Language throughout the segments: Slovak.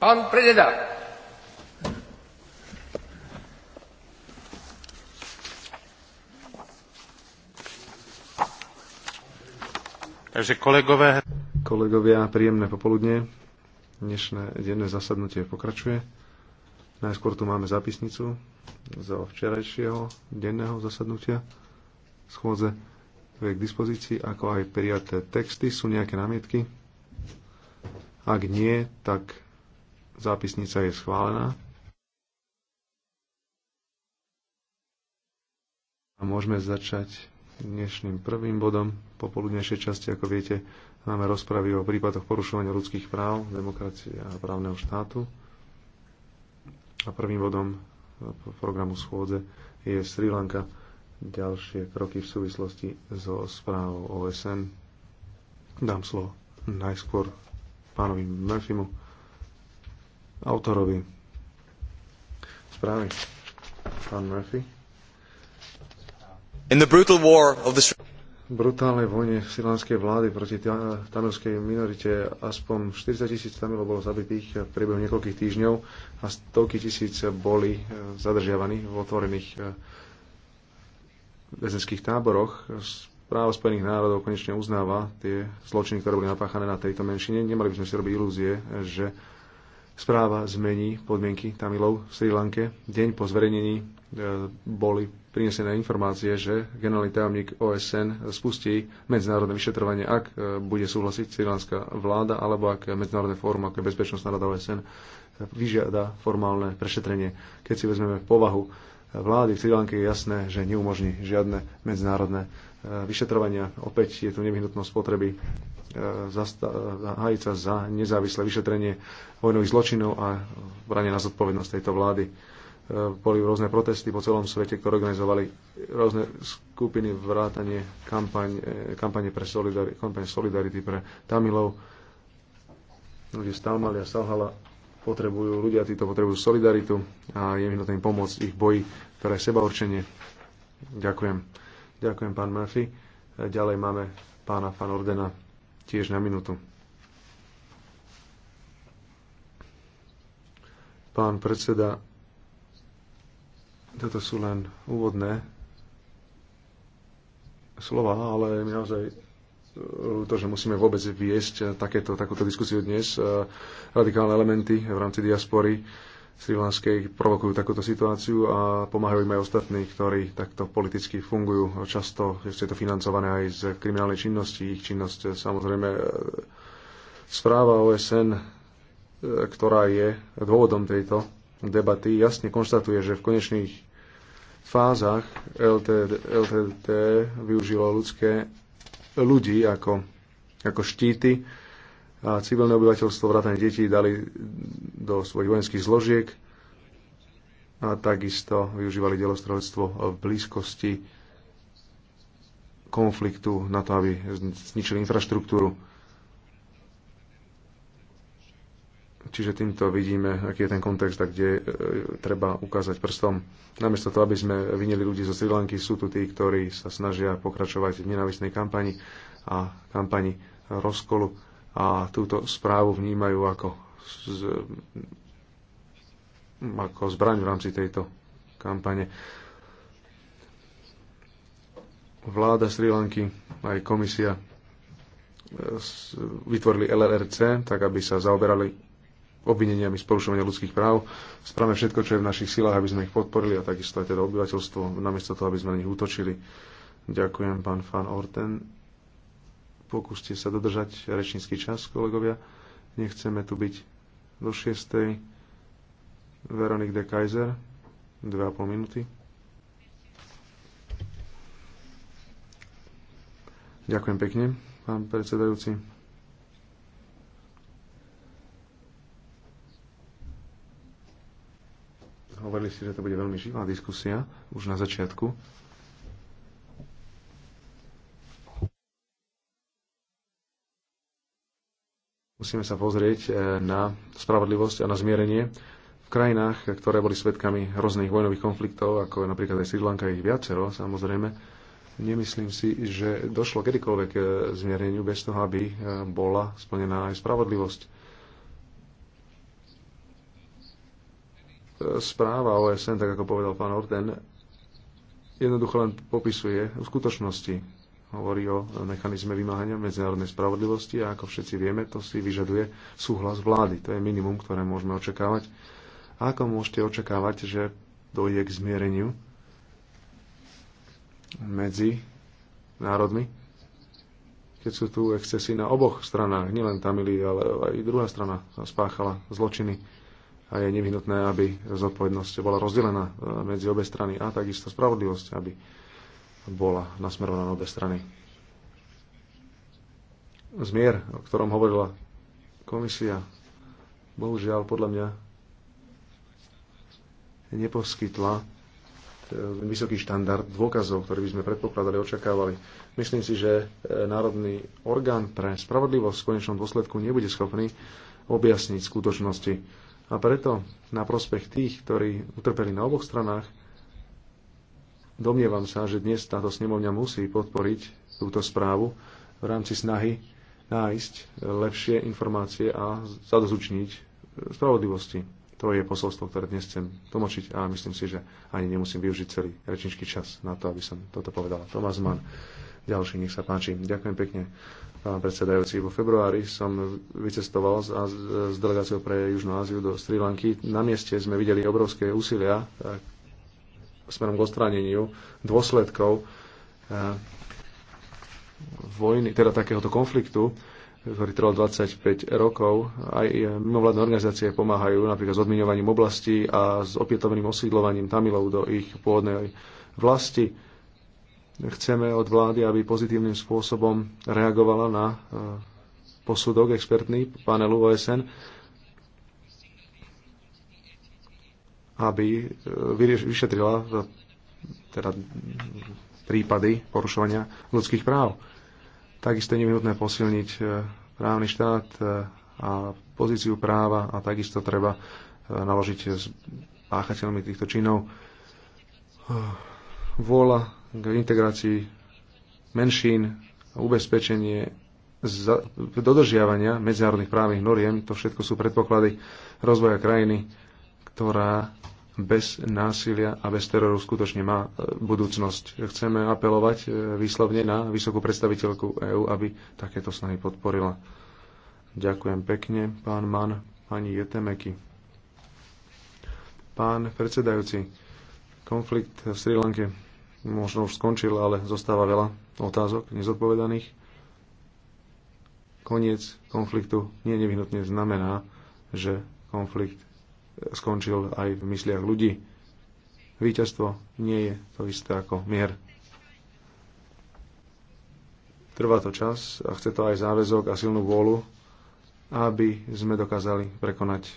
Pán predseda. Takže kolegové... Kolegovia, príjemné popoludne. Dnešné denné zasadnutie pokračuje. Najskôr tu máme zápisnicu zo včerajšieho denného zasadnutia schôdze je k dispozícii, ako aj prijaté texty. Sú nejaké námietky? Ak nie, tak Zápisnica je schválená. A môžeme začať dnešným prvým bodom popoludnejšej časti. Ako viete, máme rozpravy o prípadoch porušovania ľudských práv, demokracie a právneho štátu. A prvým bodom programu schôdze je Sri Lanka. Ďalšie kroky v súvislosti so správou OSN. Dám slovo najskôr pánovi Murphymu autorovi Správne. pán Murphy. In the brutal war of the... brutálnej vojne silánskej vlády proti tamilskej minorite aspoň 40 tisíc tamilov bolo zabitých v priebehu niekoľkých týždňov a stovky tisíc boli e, zadržiavaní v otvorených e, väzenských táboroch. Právo Spojených národov konečne uznáva tie zločiny, ktoré boli napáchané na tejto menšine. Nemali by sme si robiť ilúzie, že správa zmení podmienky Tamilov v Sri Lanke. Deň po zverejnení e, boli prinesené informácie, že generálny tajomník OSN spustí medzinárodné vyšetrovanie, ak e, bude súhlasiť sirlánska vláda, alebo ak medzinárodné fórum, ako je Bezpečnostná rada OSN, e, vyžiada formálne prešetrenie. Keď si vezmeme povahu vlády v Sri Lanke, je jasné, že neumožní žiadne medzinárodné vyšetrovania. Opäť je tu nevyhnutnosť potreby E, hájiť sa za nezávislé vyšetrenie vojnových zločinov a branie na zodpovednosť tejto vlády. E, boli rôzne protesty po celom svete, ktoré organizovali rôzne skupiny vrátanie kampaň, e, kampane, pre solidari, kampaň Solidarity pre Tamilov. Ľudia stalmali a Salhala potrebujú, ľudia títo potrebujú solidaritu a je nutné im pomôcť ich boji pre seba určenie. Ďakujem. Ďakujem, pán Murphy. Ďalej máme pána Fanordena. Ordena tiež na minútu. Pán predseda, toto sú len úvodné slova, ale mi naozaj eh, to, že musíme vôbec viesť takéto, takúto diskusiu dnes. Eh, radikálne elementy v rámci diaspory Sri provokujú takúto situáciu a pomáhajú im aj ostatní, ktorí takto politicky fungujú. Často je to financované aj z kriminálnej činnosti. Ich činnosť eh, samozrejme eh, správa OSN, eh, ktorá je dôvodom tejto debaty, jasne konštatuje, že v konečných fázach LTD, LTT využilo ľudské ľudí ako, ako štíty a civilné obyvateľstvo vrátane detí dali do svojich vojenských zložiek a takisto využívali delostrelectvo v blízkosti konfliktu na to, aby zničili infraštruktúru. Čiže týmto vidíme, aký je ten kontext a kde e, treba ukázať prstom. Namiesto toho, aby sme vinili ľudí zo Sri Lanky, sú tu tí, ktorí sa snažia pokračovať v nenávisnej kampani a kampani rozkolu a túto správu vnímajú ako z, ako zbraň v rámci tejto kampane. Vláda Sri Lanky aj komisia e, vytvorili LRC, tak aby sa zaoberali obvineniami z porušovania ľudských práv. Spravme všetko, čo je v našich silách, aby sme ich podporili a takisto aj teda obyvateľstvo, namiesto toho, aby sme na nich útočili. Ďakujem, pán Fan Orten. Pokúste sa dodržať rečnícky čas, kolegovia. Nechceme tu byť do 6. Veronik de Kaiser, 2,5 minúty. Ďakujem pekne, pán predsedajúci. Hovorili si, že to bude veľmi živá diskusia už na začiatku. Musíme sa pozrieť e, na spravodlivosť a na zmierenie v krajinách, ktoré boli svedkami rôznych vojnových konfliktov, ako je napríklad aj Sri Lanka, ich viacero, samozrejme. Nemyslím si, že došlo kedykoľvek e, k zmiereniu bez toho, aby e, bola splnená aj spravodlivosť. Správa OSN, tak ako povedal pán Orten, jednoducho len popisuje v skutočnosti hovorí o mechanizme vymáhania medzinárodnej spravodlivosti a ako všetci vieme, to si vyžaduje súhlas vlády. To je minimum, ktoré môžeme očakávať. A ako môžete očakávať, že dojde k zmiereniu medzi národmi, keď sú tu excesy na oboch stranách, nielen Tamili, ale aj druhá strana spáchala zločiny a je nevyhnutné, aby zodpovednosť bola rozdelená eh, medzi obe strany a takisto spravodlivosť, aby bola nasmerovaná na obe strany. Zmier, o ktorom hovorila komisia, bohužiaľ podľa mňa neposkytla e, vysoký štandard dôkazov, ktorý by sme predpokladali, očakávali. Myslím si, že e, Národný orgán pre spravodlivosť v konečnom dôsledku nebude schopný objasniť skutočnosti. A preto na prospech tých, ktorí utrpeli na oboch stranách, Domnievam sa, že dnes táto snemovňa musí podporiť túto správu v rámci snahy nájsť lepšie informácie a zadozučniť spravodlivosti. To je posolstvo, ktoré dnes chcem tlmočiť a myslím si, že ani nemusím využiť celý rečničký čas na to, aby som toto povedala. Tomás Mann, ďalší, nech sa páči. Ďakujem pekne, pán predsedajúci. Vo februári som vycestoval s, s delegáciou pre Južnú Áziu do Sri Lanky. Na mieste sme videli obrovské úsilia, smerom k odstráneniu dôsledkov eh, vojny, teda takéhoto konfliktu, ktorý trval 25 rokov. Aj eh, mimovládne organizácie pomáhajú napríklad s odmiňovaním oblasti a s opätovným osídlovaním Tamilov do ich pôvodnej vlasti. Chceme od vlády, aby pozitívnym spôsobom reagovala na eh, posudok expertný panelu OSN aby e, vyšetrila teda prípady porušovania ľudských práv. Takisto je nevyhnutné posilniť e, právny štát e, a pozíciu práva a takisto treba naložiť s páchateľmi týchto činov. Vôľa k integrácii menšín, ubezpečenie dodržiavania medzinárodných právnych noriem, to všetko sú predpoklady rozvoja krajiny ktorá bez násilia a bez teroru skutočne má e, budúcnosť. Chceme apelovať e, výslovne na vysokú predstaviteľku EÚ, aby takéto snahy podporila. Ďakujem pekne, pán Mann, pani Jetemeky. Pán predsedajúci, konflikt v Sri Lanke možno už skončil, ale zostáva veľa otázok nezodpovedaných. Koniec konfliktu nie nevyhnutne znamená, že konflikt skončil aj v mysliach ľudí. Výťazstvo nie je to isté ako mier. Trvá to čas a chce to aj záväzok a silnú vôľu, aby sme dokázali prekonať e,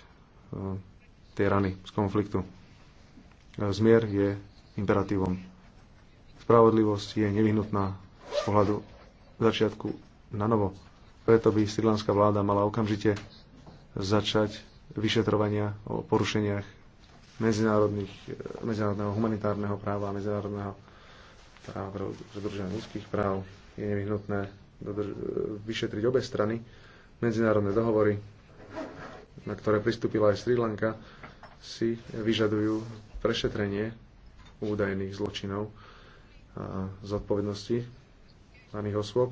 tie rany z konfliktu. E, zmier je imperatívom. Spravodlivosť je nevyhnutná z pohľadu začiatku na novo. Preto by srilanská vláda mala okamžite začať vyšetrovania o porušeniach medzinárodných, e, medzinárodného humanitárneho práva a medzinárodného práva pre dodržanie ľudských práv. Je nevyhnutné e, vyšetriť obe strany medzinárodné dohovory, na ktoré pristúpila aj Sri Lanka, si vyžadujú prešetrenie údajných zločinov a zodpovednosti daných osôb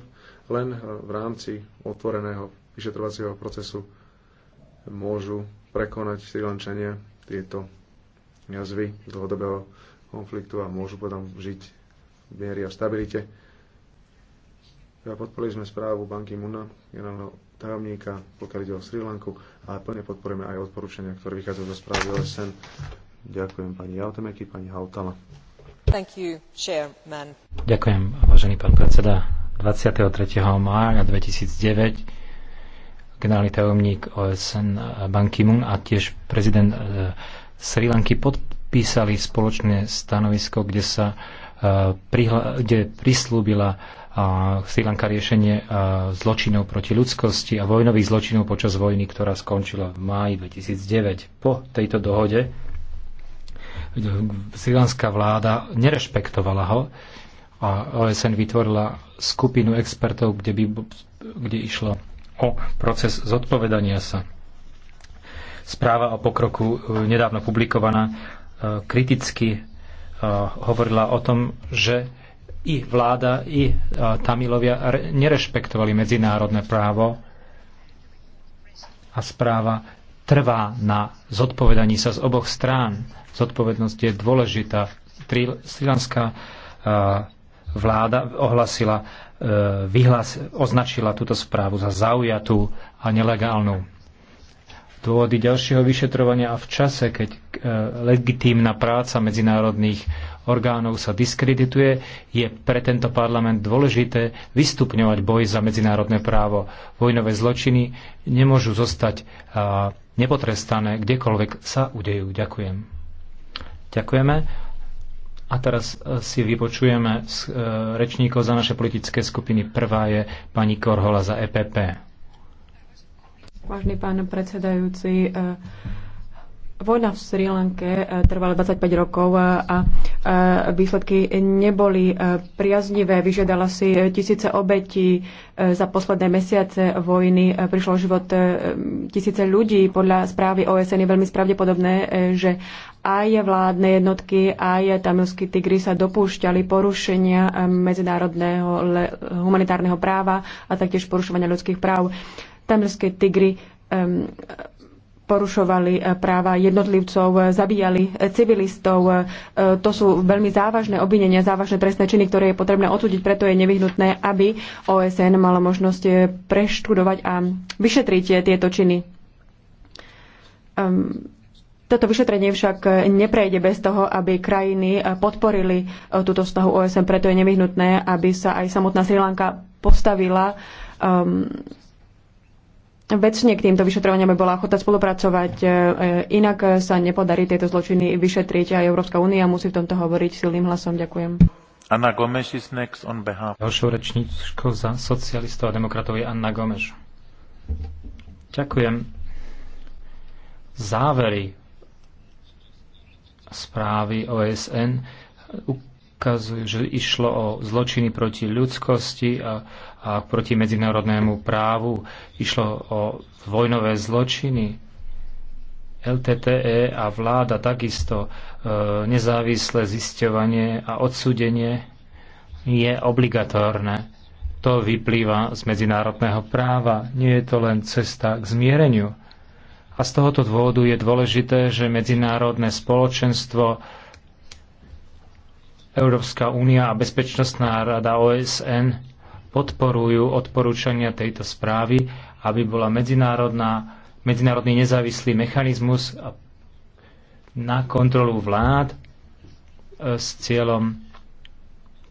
len v rámci otvoreného vyšetrovacieho procesu môžu prekonať Sri Lančania tieto jazvy dlhodobého konfliktu a môžu potom žiť v miery a stabilite. Ja podporili sme správu Banky Muna, generálneho tajomníka, pokiaľ ide o Sri Lanku ale plne podporujeme aj odporúčania, ktoré vychádzajú zo správy OSN. Ďakujem pani Jautemeky, pani Hautala. Thank you, Ďakujem, vážený pán predseda. 23. mája 2009 generálny tajomník OSN eh, Ban Ki-moon a tiež prezident eh, Sri Lanky podpísali spoločné stanovisko, kde sa eh, kde prislúbila Sri Lanka riešenie zločinov proti ľudskosti a vojnových zločinov počas vojny, ktorá skončila v máji 2009. Po tejto dohode srilanská vláda nerešpektovala ho a OSN vytvorila skupinu expertov, kde, by, kde išlo o proces zodpovedania sa. Správa o pokroku e, nedávno publikovaná e, kriticky e, hovorila o tom, že i vláda, i Tamilovia nerešpektovali medzinárodné právo a správa trvá na zodpovedaní sa z oboch strán. Zodpovednosť je dôležitá. Sri vláda ohlasila E, vyhlas, označila túto správu za zaujatú a nelegálnu. Dôvody ďalšieho vyšetrovania a v čase, keď e, legitímna práca medzinárodných orgánov sa diskredituje, je pre tento parlament dôležité vystupňovať boj za medzinárodné právo. Vojnové zločiny nemôžu zostať e, nepotrestané, kdekoľvek sa udejú. Ďakujem. Ďakujeme. A teraz e, si vypočujeme z e, rečníkov za naše politické skupiny. Prvá je pani Korhola za EPP. Vážny pán predsedajúci, e, Vojna v Sri Lanke eh, trvala 25 rokov eh, a eh, výsledky neboli priaznivé. Vyžiadala si tisíce obetí. Za posledné mesiace vojny prišlo život tisíce ľudí. Podľa správy OSN je veľmi spravdepodobné, že aj vládne jednotky, aj tamilskí tigri sa dopúšťali porušenia medzinárodného humanitárneho práva a taktiež porušovania ľudských práv. Tamilské tigry porušovali eh, práva jednotlivcov, eh, zabíjali eh, civilistov. To sú veľmi závažné obvinenia, závažné trestné činy, ktoré je potrebné odsúdiť, preto je nevyhnutné, aby OSN mala možnosť preštudovať a vyšetriť tieto činy. Ehm, toto vyšetrenie však neprejde bez toho, aby krajiny podporili túto snahu OSN, preto je nevyhnutné, aby sa aj samotná Sri Lanka postavila um, vecne k týmto vyšetrovaniam by bola ochota spolupracovať. E, e, inak sa nepodarí tieto zločiny vyšetriť a Európska únia musí v tomto hovoriť silným hlasom. Ďakujem. Anna Gomes is next on behalf. Ďalšou rečníčkou za socialistov a demokratov je Anna Gomes. Ďakujem. Závery správy OSN ukazujú, že išlo o zločiny proti ľudskosti a, a proti medzinárodnému právu. Išlo o vojnové zločiny. LTTE a vláda takisto e, nezávislé zisťovanie a odsúdenie je obligatórne. To vyplýva z medzinárodného práva. Nie je to len cesta k zmiereniu. A z tohoto dôvodu je dôležité, že medzinárodné spoločenstvo Európska únia a Bezpečnostná rada OSN podporujú odporúčania tejto správy, aby bola medzinárodná, medzinárodný nezávislý mechanizmus na kontrolu vlád e, s cieľom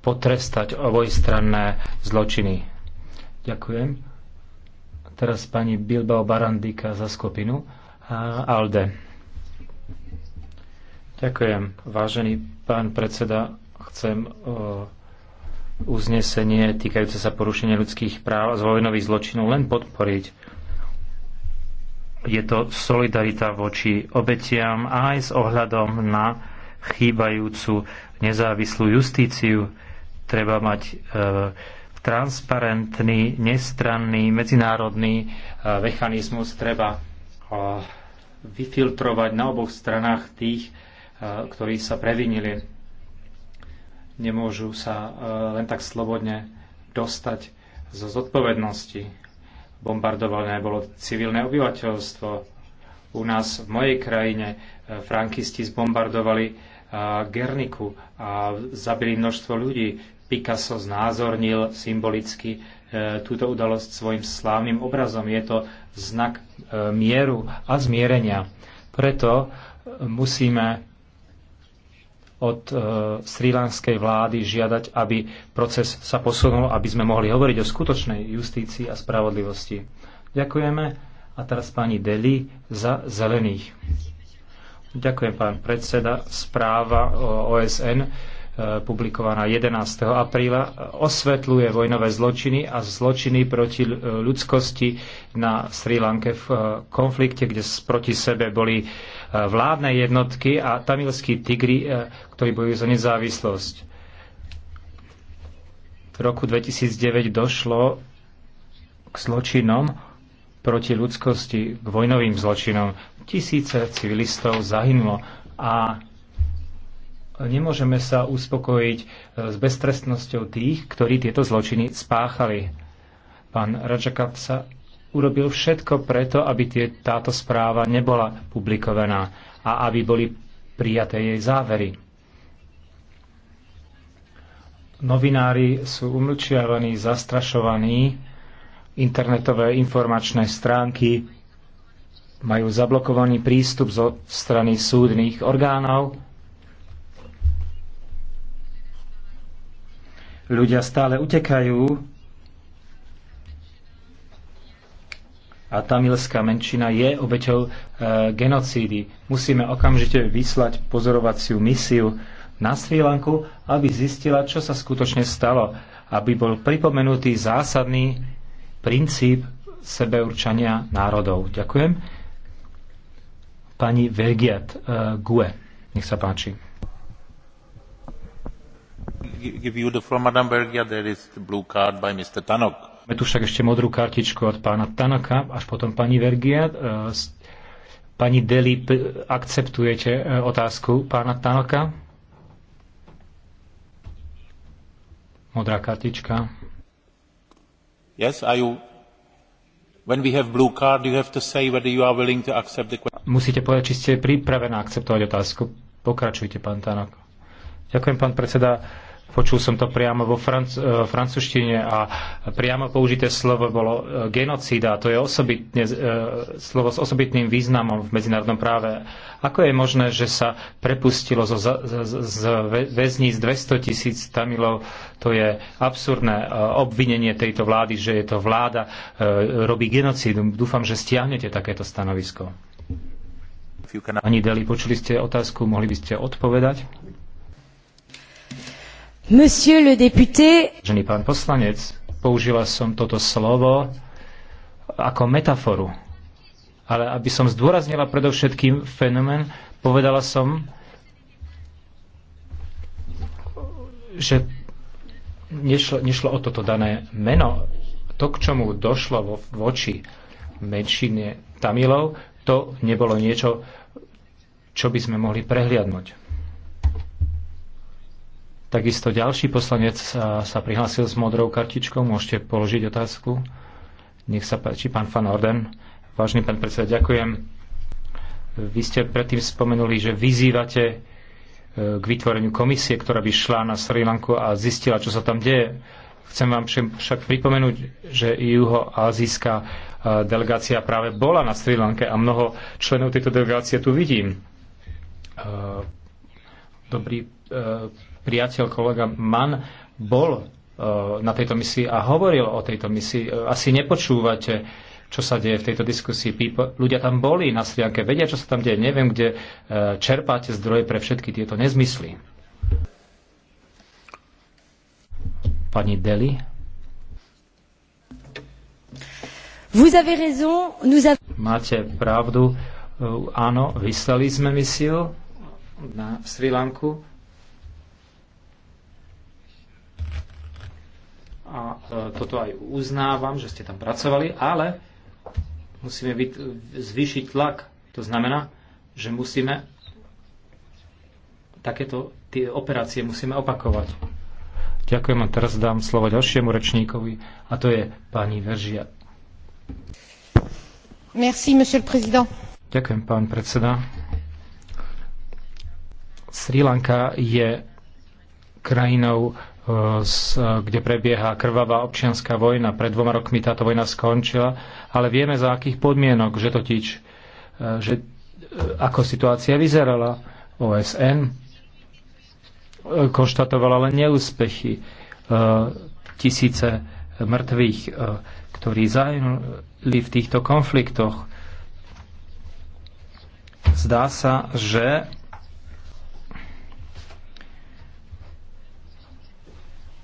potrestať obojstranné zločiny. Ďakujem. Teraz pani Bilbao Barandika za skupinu ALDE. Ďakujem, vážený pán predseda Chcem e, uznesenie týkajúce sa porušenia ľudských práv a vojnových zločinov len podporiť. Je to solidarita voči obetiam a aj s ohľadom na chýbajúcu nezávislú justíciu. Treba mať e, transparentný, nestranný, medzinárodný e, mechanizmus. Treba e, vyfiltrovať na oboch stranách tých, e, ktorí sa previnili nemôžu sa e, len tak slobodne dostať zo zodpovednosti. Bombardované bolo civilné obyvateľstvo. U nás v mojej krajine e, frankisti zbombardovali e, Gerniku a zabili množstvo ľudí. Picasso znázornil symbolicky túto udalosť svojim slávnym obrazom. Je to znak mieru a zmierenia. Preto musíme od e, srílanskej vlády žiadať, aby proces sa posunul, aby sme mohli hovoriť o skutočnej justícii a spravodlivosti. Ďakujeme. A teraz pani Deli za zelených. Ďakujem, pán predseda. Správa OSN E, publikovaná 11. apríla, e, osvetľuje vojnové zločiny a zločiny proti e, ľudskosti na Sri Lanke v konflikte, kde proti sebe boli vládne jednotky a tamilskí tigri, ktorí bojujú za nezávislosť. V roku 2009 došlo k zločinom proti ľudskosti, k vojnovým zločinom. Tisíce civilistov zahynulo a Nemôžeme sa uspokojiť e, s beztrestnosťou tých, ktorí tieto zločiny spáchali. Pán sa urobil všetko preto, aby tie, táto správa nebola publikovaná a aby boli prijaté jej závery. Novinári sú umlčiavaní, zastrašovaní, internetové informačné stránky majú zablokovaný prístup zo strany súdnych orgánov Ľudia stále utekajú a tamilská menšina je obeťou e, genocídy. Musíme okamžite vyslať pozorovaciu misiu na Sri Lanku, aby zistila, čo sa skutočne stalo, aby bol pripomenutý zásadný princíp sebeurčania národov. Ďakujem. Pani Vergiat e, Gue, nech sa páči. Máme tu však ešte modrú kartičku od pána Tanaka, až potom pani Vergia. E, pani Deli, akceptujete e, otázku pána Tanaka? Modrá kartička. Yes, are you When we have blue card, you have to say whether you are willing to accept the question. Musíte povedať, či ste pripravená akceptovať otázku. Pokračujte, pán Tanok. Ďakujem, pán predseda. Počul som to priamo vo franc- e, francúzštine a priamo použité slovo bolo e, genocída. To je osobitne, e, slovo s osobitným významom v medzinárodnom práve. Ako je možné, že sa prepustilo zo, z, z z 200 tisíc Tamilov? To je absurdné obvinenie tejto vlády, že je to vláda, robí genocídu. Dúfam, že stiahnete takéto stanovisko. Ani Deli, počuli ste otázku, mohli by ste odpovedať? Monsieur le député. Žený pán poslanec, použila som toto slovo ako metaforu. Ale aby som zdôraznila predovšetkým fenomén, povedala som, že nešlo, nešlo o toto dané meno. To, k čomu došlo vo, voči menšine Tamilov, to nebolo niečo, čo by sme mohli prehliadnúť. Takisto ďalší poslanec sa, eh, sa prihlásil s modrou kartičkou. Môžete položiť otázku. Nech sa páči, pán Van Orden. Vážny pán predseda, ďakujem. Vy ste predtým spomenuli, že vyzývate eh, k vytvoreniu komisie, ktorá by šla na Sri Lanku a zistila, čo sa tam deje. Chcem vám však pripomenúť, že juhoazijská eh, delegácia práve bola na Sri Lanke a mnoho členov tejto delegácie tu vidím. Dobrý priateľ, kolega Mann bol e, na tejto misii a hovoril o tejto misii. E, asi nepočúvate, čo sa deje v tejto diskusii. ľudia tam boli na Srianke, vedia, čo sa tam deje. Neviem, kde e, čerpáte zdroje pre všetky tieto nezmysly. Pani Deli. Vous avez raison, nous avons... Máte pravdu. Áno, vyslali sme misiu na Sri Lanku E, toto aj uznávam, že ste tam pracovali, ale musíme zvýšiť tlak. To znamená, že musíme takéto tie operácie musíme opakovať. Ďakujem a teraz dám slovo ďalšiemu rečníkovi a to je pani Veržia. Merci, monsieur le président. Ďakujem, pán predseda. Sri Lanka je krajinou kde prebieha krvavá občianská vojna. Pred dvoma rokmi táto vojna skončila, ale vieme za akých podmienok, že totiž, e, že e, ako situácia vyzerala. OSN e, konštatovala len neúspechy. Tisíce mŕtvych, ktorí zahynuli v týchto konfliktoch. Zdá sa, že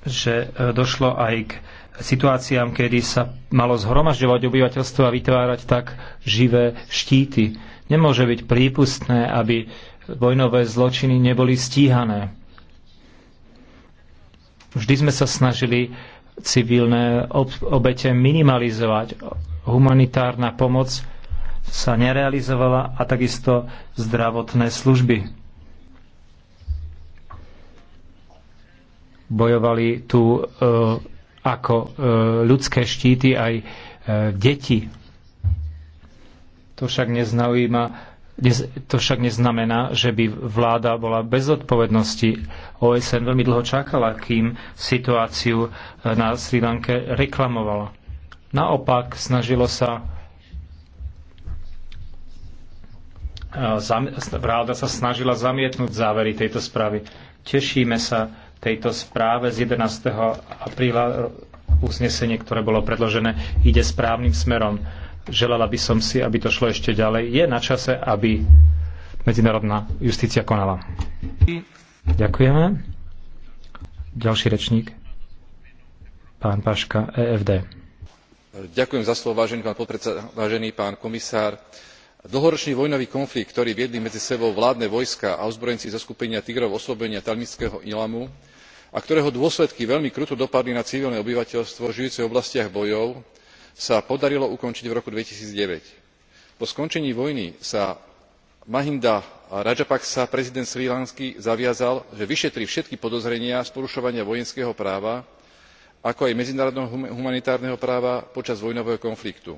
že e, došlo aj k situáciám, kedy sa malo zhromažďovať obyvateľstvo a vytvárať tak živé štíty. Nemôže byť prípustné, aby vojnové zločiny neboli stíhané. Vždy sme sa snažili civilné obete minimalizovať. Humanitárna pomoc sa nerealizovala a takisto zdravotné služby bojovali tu e, ako e, ľudské štíty aj e, deti. To však nez, to však neznamená, že by vláda bola bez odpovednosti. OSN veľmi dlho čakala, kým situáciu na Sri Lanke reklamovala. Naopak snažilo sa vláda sa snažila zamietnúť závery tejto správy. Tešíme sa, tejto správe z 11. apríla e, uznesenie, ktoré bolo predložené, ide správnym smerom. Želala by som si, aby to šlo ešte ďalej. Je na čase, aby medzinárodná justícia konala. Ďakujeme. Ďalší rečník, pán Paška, EFD. Ďakujem za slovo, vážený pán podpredseda, vážený pán komisár dlhoročný vojnový konflikt ktorý viedli medzi sebou vládne vojská a ozbrojenci zoskupenia tigrov oslobodenia tamilského ílamu a ktorého dôsledky veľmi kruto dopadli na civilné obyvateľstvo žijúce v oblastiach bojov sa podarilo ukončiť v roku. two thousand and nine po skončení vojny sa mahinda radžapaksa prezident srí lanky zaviazal že vyšetrí všetky podozrenia z porušovania vojenského práva ako aj medzinárodného humanitárneho práva počas vojnového konfliktu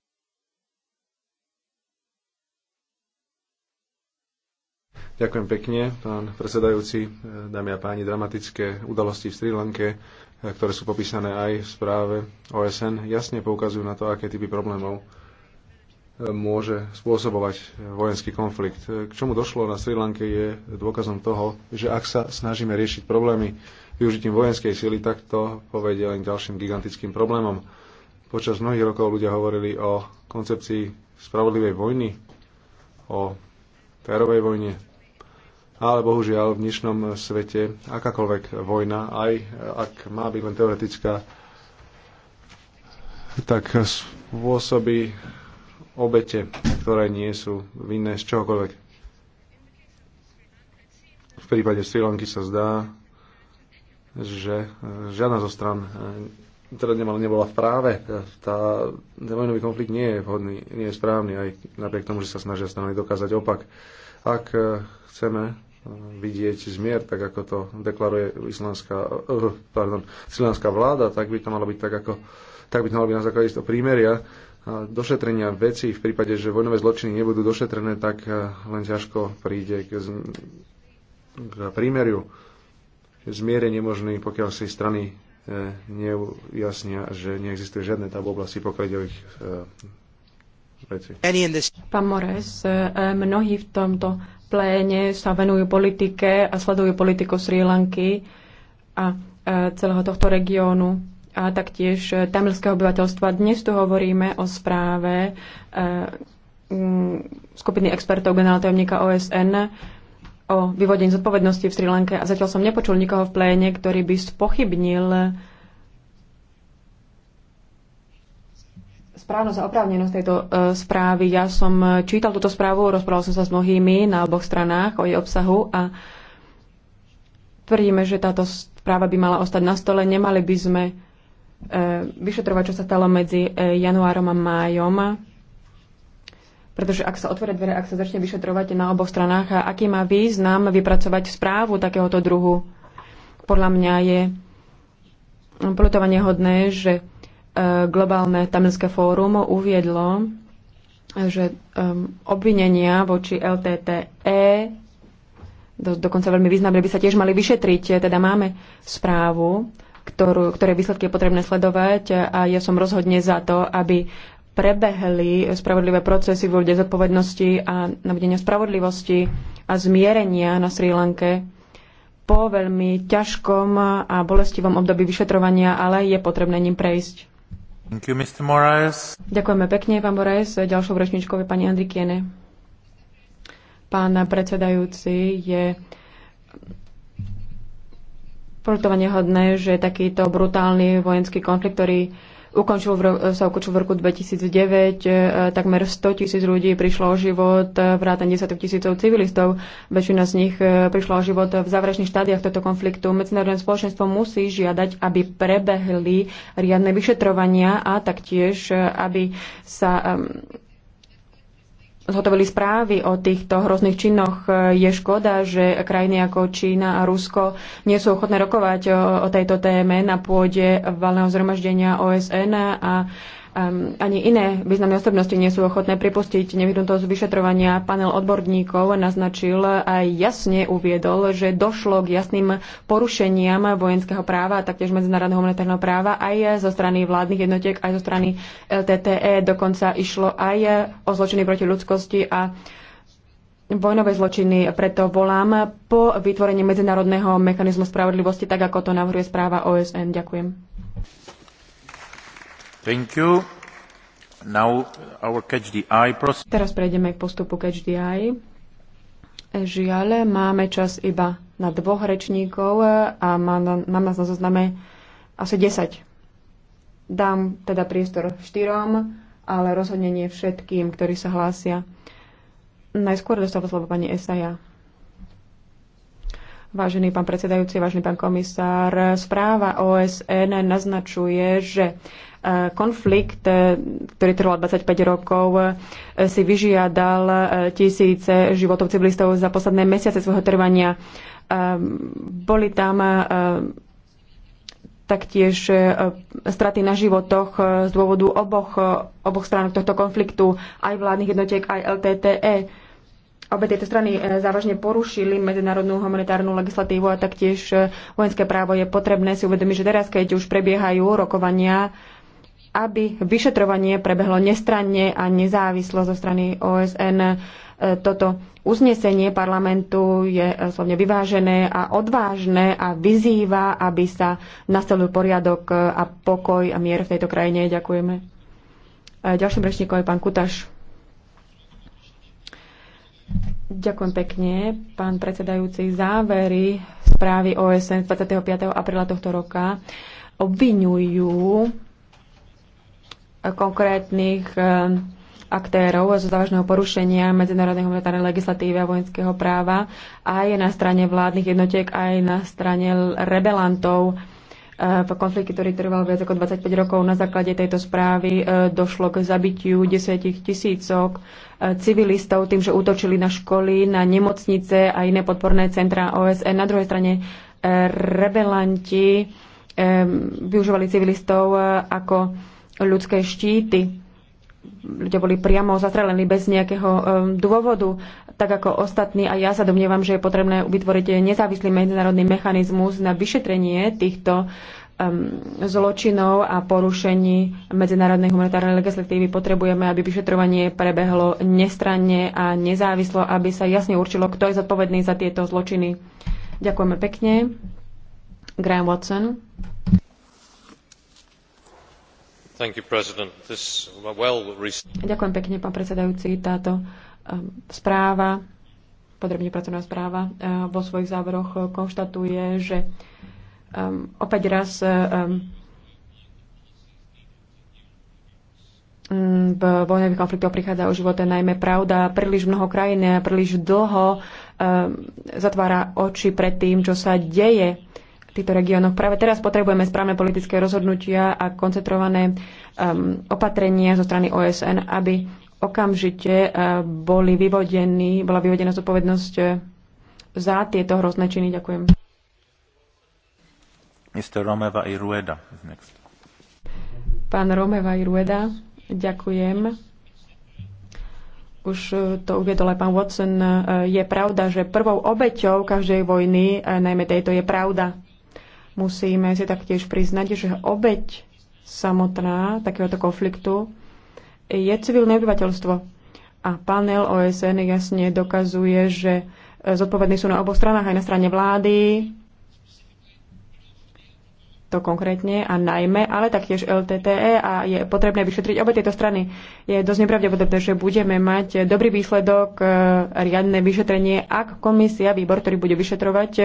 Ďakujem pekne, pán predsedajúci, dámy a páni, dramatické udalosti v Sri Lanke, ktoré sú popísané aj v správe OSN, jasne poukazujú na to, aké typy problémov e, môže spôsobovať vojenský konflikt. K čomu došlo na Sri Lanke je dôkazom toho, že ak sa snažíme riešiť problémy využitím vojenskej sily, tak to povedie len ďalším gigantickým problémom. Počas mnohých rokov ľudia hovorili o koncepcii spravodlivej vojny, o terovej vojne ale bohužiaľ v dnešnom svete akákoľvek vojna, aj ak má byť len teoretická, tak spôsobí obete, ktoré nie sú vinné z čohokoľvek. V prípade Sri Lanky sa zdá, že žiadna zo stran teda nemala, nebola v práve. Tá, ten vojnový konflikt nie je vhodný, nie je správny, aj napriek tomu, že sa snažia strany dokázať opak. Ak chceme vidieť zmier, tak ako to deklaruje islandská, eh, pardon, vláda, tak by to malo byť tak ako tak by to malo byť na základe toho prímeria a došetrenia veci v prípade, že vojnové zločiny nebudú došetrené, tak eh, len ťažko príde k, k prímeriu. Zmier je nemožný, pokiaľ si strany eh, neujasnia, že neexistuje žiadne tabu oblasti, pokladových e, veci. Pán Mores, mnohí v tomto pléne sa venujú politike a sledujú politiku Sri Lanky a e, celého tohto regiónu a taktiež e, tamilského obyvateľstva. Dnes tu hovoríme o správe e, skupiny expertov generálneho tajomníka OSN o vyvodení zodpovednosti v Sri Lanke a zatiaľ som nepočul nikoho v pléne, ktorý by spochybnil správnosť a oprávnenosť tejto e, správy. Ja som e, čítal túto správu, rozprával som sa s mnohými na oboch stranách o jej obsahu a tvrdíme, že táto správa by mala ostať na stole. Nemali by sme e, vyšetrovať, čo sa stalo medzi januárom a májom, pretože ak sa otvoria dvere, ak sa začne vyšetrovať na oboch stranách, a aký má význam vypracovať správu takéhoto druhu, podľa mňa je polutovanie hodné, že E, globálne tamilské fórum uviedlo, že obvinenia voči LTTE do, dokonca veľmi významné, by sa tiež mali vyšetriť. Teda máme správu, ktorú, ktoré výsledky je potrebné sledovať a ja som rozhodne za to, aby prebehli spravodlivé procesy v ľudia zodpovednosti a navodenia spravodlivosti a zmierenia na Sri Lanke po veľmi ťažkom a bolestivom období vyšetrovania, ale je potrebné ním prejsť. You, Ďakujeme pekne, pán Moraes. Ďalšou rečničkou je pani Andrikiene. Pán predsedajúci, je portovanie hodné, že takýto brutálny vojenský konflikt, ktorý ukončil v, sa ukončil v roku 2009. E, takmer 100 tisíc ľudí prišlo o život, e, vrátane 10 tisícov civilistov. Väčšina z nich e, prišla o život v záverečných štádiách tohto konfliktu. Medzinárodné spoločenstvo musí žiadať, aby prebehli riadne vyšetrovania a taktiež, aby sa zhotovili správy o týchto hrozných činoch. Je škoda, že krajiny ako Čína a Rusko nie sú ochotné rokovať o, o tejto téme na pôde valného zhromaždenia OSN a um, ani iné významné osobnosti nie sú ochotné pripustiť nevyhnutosť vyšetrovania. Panel odborníkov naznačil a jasne uviedol, že došlo k jasným porušeniam vojenského práva a taktiež medzinárodného humanitárneho práva aj zo strany vládnych jednotiek, aj zo strany LTTE. Dokonca išlo aj o zločiny proti ľudskosti a vojnové zločiny, preto volám po vytvorení medzinárodného mechanizmu spravodlivosti, tak ako to navrhuje správa OSN. Ďakujem. Teraz prejdeme k postupu Catch the Eye. Žiaľ, máme čas iba na dvoch rečníkov a mám, na, mám nás na zozname asi 10. Dám teda priestor štyrom, ale rozhodne nie všetkým, ktorí sa hlásia. Najskôr dostáva slovo pani Esaja. Vážený pán predsedajúci, vážený pán komisár, správa OSN naznačuje, že Eh, konflikt, eh, ktorý trval 25 rokov, eh, si vyžiadal tisíce životov civilistov za posledné mesiace svojho trvania. Boli tam taktiež straty na životoch z dôvodu oboch, oboch strán tohto konfliktu, aj vládnych jednotiek, aj LTTE. Obe tieto strany závažne porušili medzinárodnú humanitárnu legislatívu a taktiež vojenské právo je potrebné si uvedomiť, že teraz, keď už prebiehajú rokovania aby vyšetrovanie prebehlo nestranne a nezávislo zo strany OSN. E, toto uznesenie parlamentu je e, slovne vyvážené a odvážne a vyzýva, aby sa nastavil poriadok e, a pokoj a mier v tejto krajine. Ďakujeme. Ďalším rečníkom je pán Kutaš. Ďakujem pekne, pán predsedajúci. Závery správy OSN 25. apríla tohto roka obvinujú konkrétnych eh, aktérov zo závažného porušenia medzinárodnej humanitárnej legislatívy a vojenského práva aj na strane vládnych jednotiek, aj na strane rebelantov eh, v konflikte, ktorý trval viac ako 25 rokov. Na základe tejto správy eh, došlo k zabitiu desiatich tisícok civilistov tým, že útočili na školy, na nemocnice a iné podporné centra OSN. Na druhej strane rebelanti využívali civilistov ako ľudské štíty. Ľudia boli priamo zastrelení bez nejakého um, dôvodu, tak ako ostatní. A ja sa domnievam, že je potrebné vytvoriť nezávislý medzinárodný mechanizmus na vyšetrenie týchto um, zločinov a porušení medzinárodnej humanitárnej legislatívy potrebujeme, aby vyšetrovanie prebehlo nestranne a nezávislo, aby sa jasne určilo, kto je zodpovedný za tieto zločiny. Ďakujeme pekne. Graham Watson. Ďakujem pekne, pán predsedajúci. Táto um, správa, podrobne pracovná správa, uh, vo svojich záveroch uh, konštatuje, že um, opäť raz uh, um, mm, v vojnových konfliktoch prichádza o živote najmä pravda. Príliš mnoho krajín príliš dlho zatvára oči pred tým, čo sa deje týchto regiónoch. Práve teraz potrebujeme správne politické rozhodnutia a koncentrované um, opatrenia zo strany OSN, aby okamžite uh, boli vyvodení, bola vyvodená zodpovednosť uh, za tieto hrozné činy. Ďakujem. Mr. Romeva i Rueda is next. Pán Romeva i Rueda, ďakujem. Už uh, to uviedol aj pán Watson. Uh, je pravda, že prvou obeťou každej vojny, najmä tejto, je pravda Musíme si taktiež priznať, že obeď samotná takéhoto konfliktu je civilné obyvateľstvo. A panel OSN jasne dokazuje, že zodpovední sú na oboch stranách, aj na strane vlády, to konkrétne a najmä, ale taktiež LTTE a je potrebné vyšetriť obe tieto strany. Je dosť nepravdepodobné, že budeme mať dobrý výsledok, e, riadne vyšetrenie, ak komisia, výbor, ktorý bude vyšetrovať, e,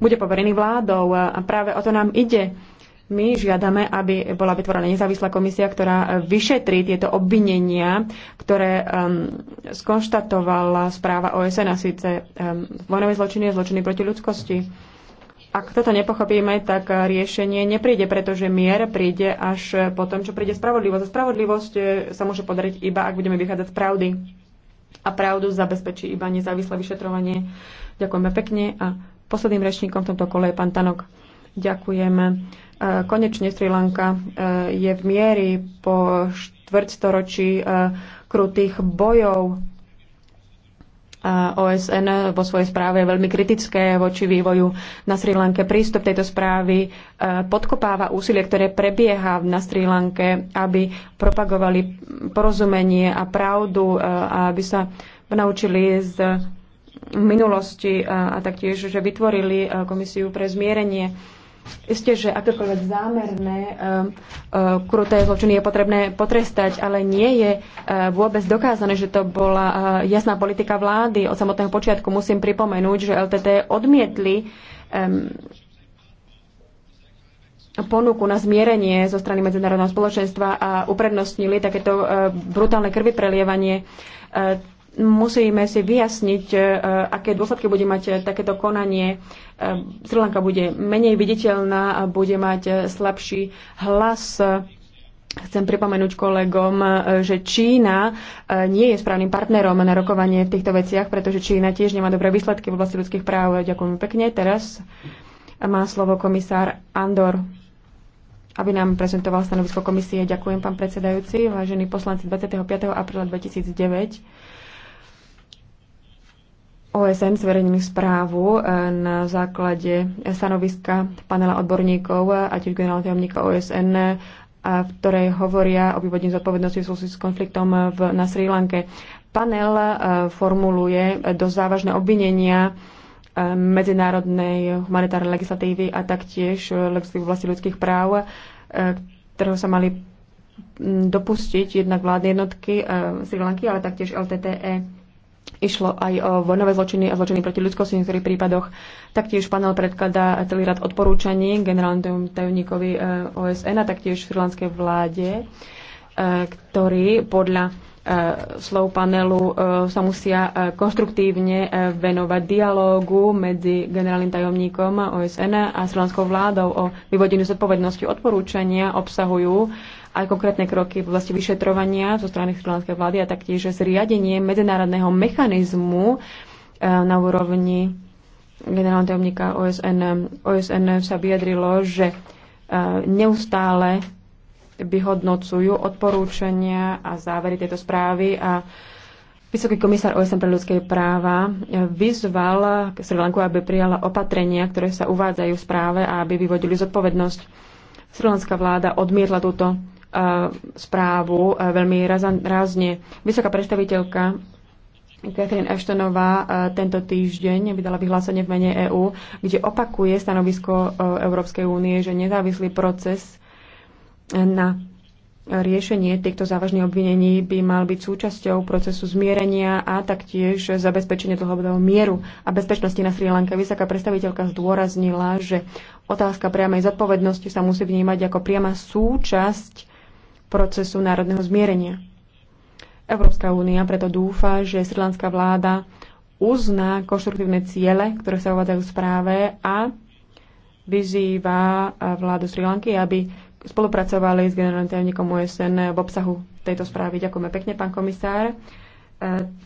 bude poverený vládou. A práve o to nám ide. My žiadame, aby bola vytvorená nezávislá komisia, ktorá vyšetrí tieto obvinenia, ktoré um, skonštatovala správa OSN a síce um, vojnové zločiny a zločiny proti ľudskosti ak toto nepochopíme, tak riešenie nepríde, pretože mier príde až po tom, čo príde spravodlivosť. A spravodlivosť e, sa môže podariť iba, ak budeme vychádzať z pravdy. A pravdu zabezpečí iba nezávislé vyšetrovanie. Ďakujeme pekne a posledným rečníkom v tomto kole je pán Tanok. Ďakujeme. Konečne Sri Lanka e, je v miery po štvrťstoročí e, krutých bojov OSN vo svojej správe je veľmi kritické voči vývoju na Sri Lanke. Prístup tejto správy e, podkopáva úsilie, ktoré prebieha na Sri Lanke, aby propagovali porozumenie a pravdu e, a aby sa naučili z minulosti e, a taktiež, že vytvorili komisiu pre zmierenie Isté, že akékoľvek zámerné eh, eh, kruté zločiny je potrebné potrestať, ale nie je eh, vôbec dokázané, že to bola jasná politika vlády. Od samotného počiatku musím pripomenúť, že LTT odmietli ponuku na zmierenie zo strany medzinárodného spoločenstva a uprednostnili takéto brutálne krvi prelievanie musíme si vyjasniť, e, aké dôsledky bude mať e, takéto konanie. E, Sri Lanka bude menej viditeľná a bude mať slabší hlas. Chcem pripomenúť kolegom, že Čína nie je správnym partnerom na rokovanie v týchto veciach, pretože Čína tiež nemá dobré výsledky v oblasti ľudských práv. Ďakujem pekne. Teraz má slovo komisár Andor aby nám prezentoval stanovisko komisie. Ďakujem, pán predsedajúci. Vážení poslanci, 25. apríla 2009 OSN zverejnili správu e, na základe stanoviska panela odborníkov a tiež generálneho tajomníka OSN, e, v ktorej hovoria o vyvodení zodpovednosti v s konfliktom v, na Sri Lanke. Panel e, formuluje dosť závažné obvinenia medzinárodnej humanitárnej legislatívy a taktiež legislatívy vlasti ľudských práv, ktorého sa mali dopustiť jednak vládne jednotky Sri Lanky, ale taktiež LTTE Išlo aj o vojnové zločiny a zločiny proti ľudskosti v niektorých prípadoch. Taktiež panel predkladá celý rad odporúčaní generálnemu tajomníkovi e, OSN a taktiež šrilanskej vláde, e, ktorý podľa e, slov panelu sa musia konštruktívne venovať dialógu medzi generálnym tajomníkom OSN a srilanskou vládou o vyvodení zodpovednosti odporúčania obsahujú aj konkrétne kroky v oblasti vyšetrovania zo strany srilanskej vlády a taktiež zriadenie medzinárodného mechanizmu eh, na úrovni generálneho tajomníka OSN. OSN sa vyjadrilo, že eh, neustále vyhodnocujú odporúčania a závery tejto správy a Vysoký komisár OSN pre ľudské práva eh, vyzval Sri Lanku, aby prijala opatrenia, ktoré sa uvádzajú v správe a aby vyvodili zodpovednosť. Sri Lanka vláda odmietla túto správu veľmi rázne. Vysoká predstaviteľka Catherine Ashtonová tento týždeň vydala vyhlásenie v mene EÚ, kde opakuje stanovisko e, Európskej únie, že nezávislý proces e, na riešenie týchto závažných obvinení by mal byť súčasťou procesu zmierenia a taktiež zabezpečenie dlhodobého mieru a bezpečnosti na Sri Lanka. Vysoká predstaviteľka zdôraznila, že otázka priamej zodpovednosti sa musí vnímať ako priama súčasť procesu národného zmierenia. Európska únia preto dúfa, že srdlanská vláda uzná konštruktívne ciele, ktoré sa uvádzajú v správe a vyzýva vládu Sri Lanky, aby spolupracovali s generálnym tajomníkom USN v obsahu tejto správy. Ďakujeme pekne, pán komisár. E,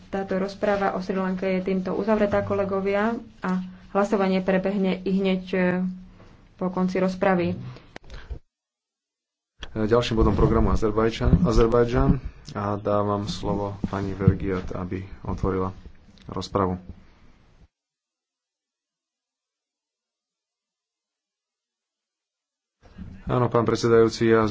táto rozpráva o Sri Lanke je týmto uzavretá, kolegovia, a hlasovanie prebehne i hneď e, po konci rozpravy ďalším bodom programu Azerbajdžan, Azerbajdžan a dávam slovo pani Vergiat, aby otvorila rozpravu. Áno, pán predsedajúci, ja